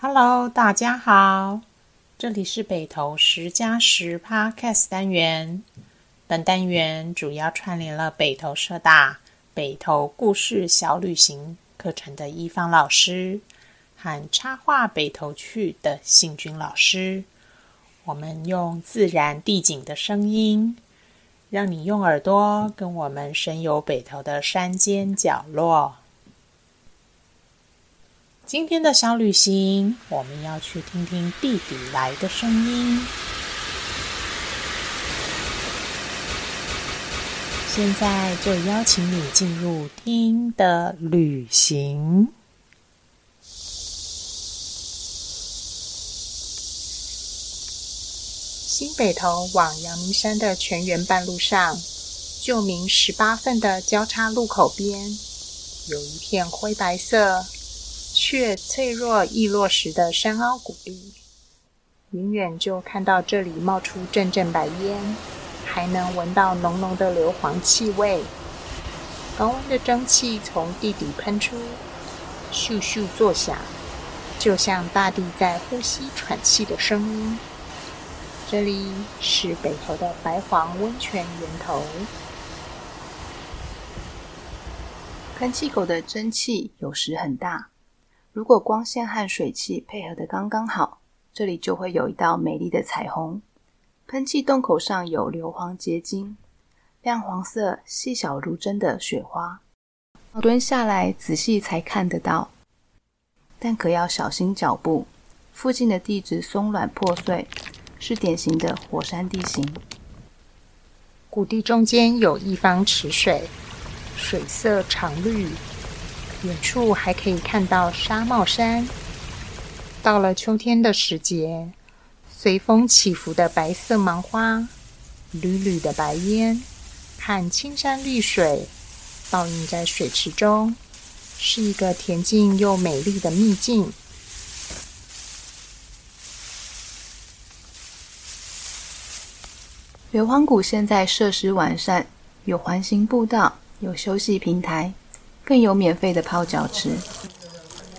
Hello，大家好，這裡是北投十加十 Podcast 單元。本單元主要串聯了北投社大、北投故事小旅行課程的伊芳老師和插畫北投去的幸君老師。我們用自然地景的聲音，讓你用耳朵跟我們神遊北投的山間角落。今天的小旅行，我們要去聽聽地底來的聲音。現在就邀請你進入聽的旅行。新北投往陽明山的泉源半路上，舊名十八份的交叉路口邊，有一片灰白色，卻脆弱，易落石的山凹谷地，遠遠就看到這裡冒出陣陣白煙，還能聞到濃濃的硫磺氣味。高溫的蒸汽從地底噴出，咻咻作響，就像大地在呼吸喘氣的聲音。這裡是北投的白磺溫泉源頭。噴氣口的蒸汽有時很大。如果光線和水汽配合得剛剛好，這裡就會有一道美麗的彩虹。噴氣洞口上有硫磺結晶，亮黃色、細小如針的雪花，蹲下來仔細才看得到。但可要小心腳步，附近的地質鬆軟破碎，是典型的火山地形。谷地中間有一方池水，水色常綠。遠處還可以看到紗帽山。到了秋天的時節，隨風起伏的白色芒花，縷縷的白煙，看青山綠水倒映在水池中，是一個恬靜又美麗的秘境。硫磺谷現在設施完善，有環形步道，有休息平台。更有免費的泡腳池，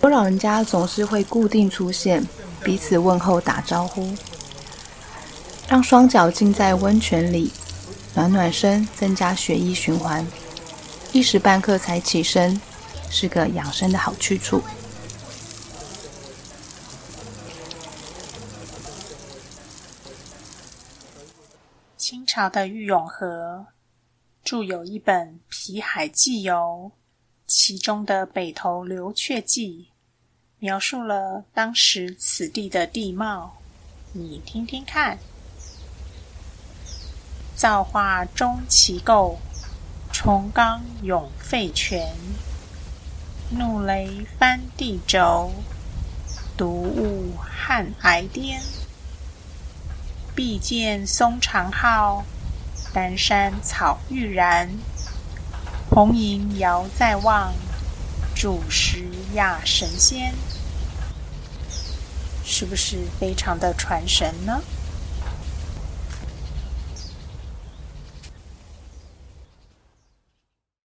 有老人家總是會固定出現，彼此問候打招呼，讓雙腳浸在溫泉裡，暖暖身，增加血液循環，一時半刻才起身，是個養生的好去處。清朝的郁永河著有一本《裨海紀遊》。其中的《北投硫穴記》描述了當時此地的地貌，你聽聽看：造化鐘奇構，崇岡湧沸泉，怒雷翻地軸，毒霧撼崖顛。碧澗松長號，丹山草欲燃。蓬瀛遙在望，煮石亞神仙，是不是非常的傳神呢？